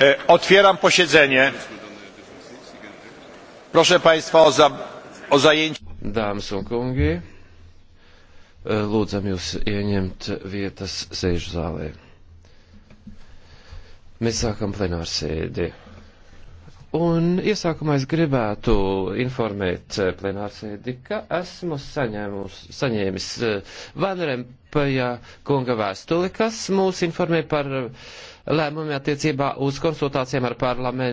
E, otwieram posiedzenie proszę państwa o, za, o zajęcie Dāmas un kungi, e, lūdzam jūs ieņemt vietas sēžu zālē. Mēs sākam plenārsēdi. Un iesākumā es gribētu informēt eh, plenārsēdi, ka esmu saņēmus, saņēmis eh, Vanrempajā kunga vēstuli, kas mūs informē par eh, lēmumi attiecībā uz konsultācijām ar parlamentu.